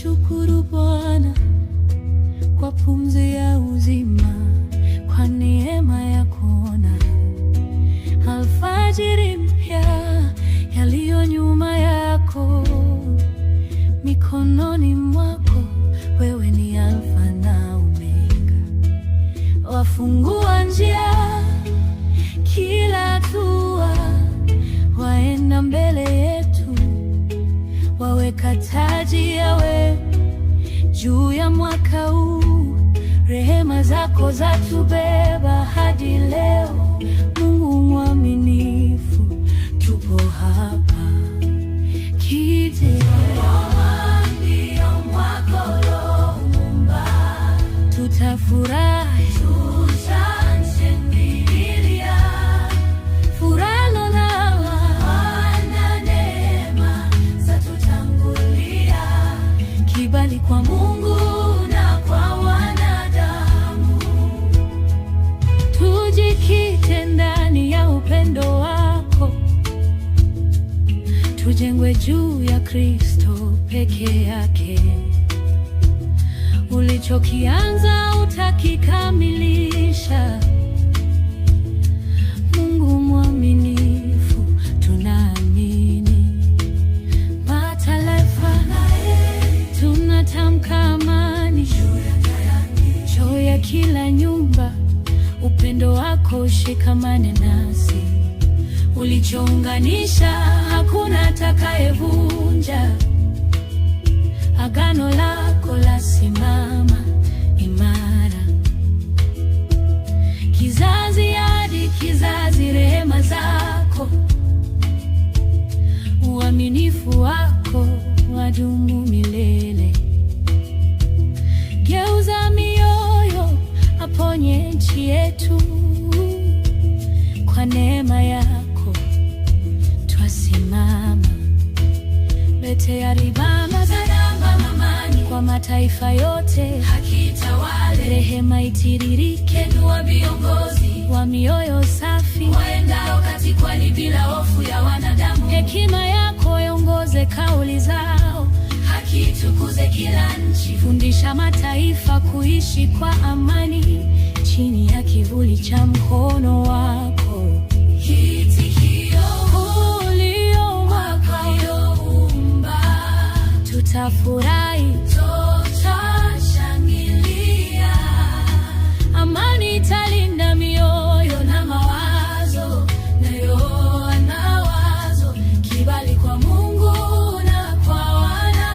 Shukuru Bwana kwa pumzi ya uzima, kwa neema ya kuona alfajiri mpya, yaliyo nyuma yako, mikononi mwako wewe ni Alfa na Omega, wafungua njia kila hatua, waenda mbele yetu, waweka juu ya mwaka huu, rehema zako zatubeba hadi leo Mungu mwema. Mungu na kwa wanadamu. Tujikite ndani ya upendo wako, tujengwe juu ya Kristo peke yake. Ulichokianza utakikamilisha. kila nyumba, upendo wako ushikamane nasi. Ulichounganisha hakuna atakayevunja, agano lako iponye nchi yetu kwa neema yako twasimama. Letea libama salama mamani kwa mataifa yote hakitawale, rehema itiririke, nua viongozi wa mioyo safi waendao katika kweli bila hofu ya wanadamu, hekima yako yongoze kauli zao kitukuze kila nchi. Fundisha mataifa kuishi kwa amani chini ya kivuli cha mkono wako. Hitikio ulioumba, tutafurahi